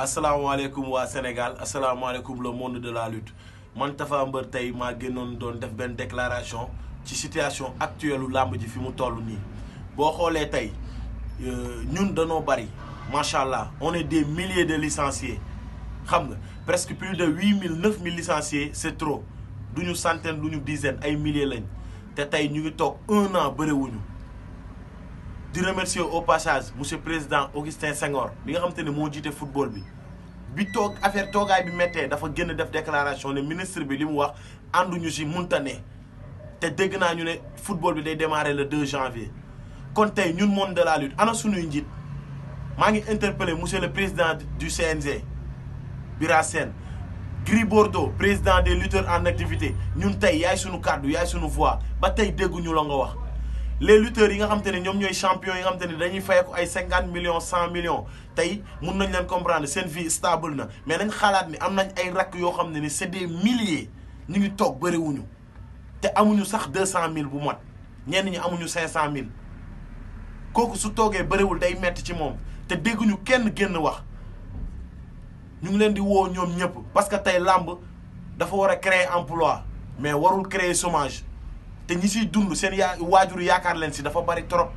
waaw asalaamaaleykum waa Sénégal asalaamaaleykum le monde de la lutte man Tapha Mbeur tey maa génnoonu doon def benn déclaration ci situation actuelle u làmb ji fi mu toll nii boo xoolee tey euh, ñun danoo bari macha allah on est des milliers de licenciés xam nga presque plus de huit mille neuf mille licenciés c'est trop du ñu centaine du ñu dizaine ay milliers lañ te tey ñu ngi toog un an bëriwuñu di remercier au passage monsieur président Augustin Senghor bi nga xam te ne moo jiite football bi bi toog affaire toogaay bi méttee dafa génn def déclaration ne ministre bi li mu wax ànduñu si munta ne te dégg naa ñu ne football bi day démarrer le 2 janvier kon tey ñun monde de la ana suñuy njiit maa ngi interpellé monsieur le président du CNG Bira Sène Gris Bordeaux président des lutteurs en activité ñun tey yaay suñu kàddu yaay sunu voix ba tey dégguñu la nga wax les lutteurs yi nga xam ne ñoom ñooy champion yi nga xam te ne dañuy fayeeku ay cinquante millions cent millions tey mun nañ leen comprendre seen vie stable na mais nañ xalaat ni am nañ ay rakk yoo xam ne ni c'est des milliers ñu ngi toog bëriwuñu te amuñu sax deux cent mille bu mot ñenn ñi amuñu cinq cent mille kooku su toogee bëriwul day metti ci moom te dégguñu kenn génn wax ñu ngi leen di woo ñoom ñëpp parce que tey làmb dafa war a créer emploi mais warul créer chômage te ñi siy dund seen yaa waajur yaakaar leen si dafa bari trop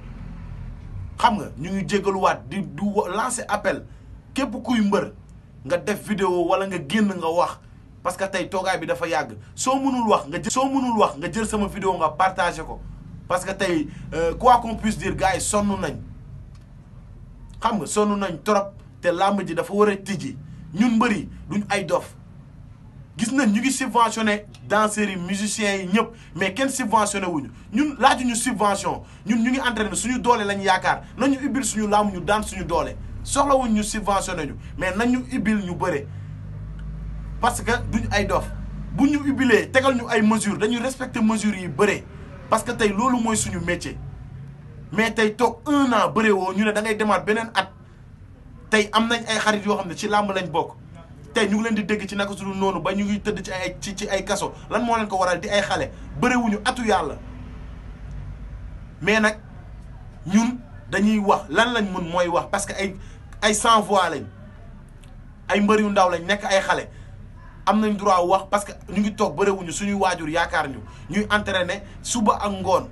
xam nga ñu ngi jégaluwaat di du lancer appel képp kuy mbër nga def vidéo wala nga génn nga wax parce que tey toogaay bi dafa yàgg soo mënul wax nga jël soo mënul wax nga jël sama vidéo nga partagé ko parce que tey euh, quoi qu'on puisse dire gars yi sonn nañ xam nga sonn nañ trop te làmb ji dafa war a tijji ñun mbëri duñ ay dof gis nañ ñu ngi subventionné danseurs yi yi ñëpp mais kenn subventionné wuñu ñun laajuñu subvention ñun ñu ngi entraîné suñu doole lañ yaakaar nañu ubbil suñu laamu ñu daan suñu doole soxlawuñ ñu subventionné ñu mais nañ ñu ubbil ñu bëre parce que duñ ay dof bu ñu ubbilee tegal ñu ay mesures dañuy respecté mesures yi bëre parce que tey loolu mooy suñu métier mais tey toog un an bëre woo ñu ne da ngay demaat beneen at tey am nañ ay xarit yoo xam ne ci làmb lañ bokk. tey ñu ngi leen di dégg ci naka sudul noonu ba ñu ngi tëdd ci ay ci ci ay kaso lan moo leen ko waral di ay xale bëriwuñu atu yàlla mais nag ñun dañuy wax lan lañ mën mooy wax parce que ay ay sans lañ ay mbër yu ndaw lañ nekk ay xale am nañ droit wax parce que ñu ngi toog bariwuñu suñuy waajur yaakaar ñu ñuy entraîné suba ak ngoon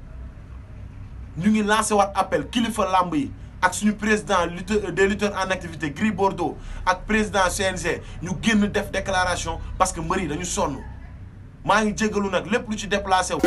ñu ngi lancé waat appel kilifa làmb yi ak suñu président lutteur euh, des en activité Gris Bordeaux ak président CNG ñu génn def déclaration parce que mbër yi dañu sonn maa ngi jégalu nag lépp lu ci déplacé wu.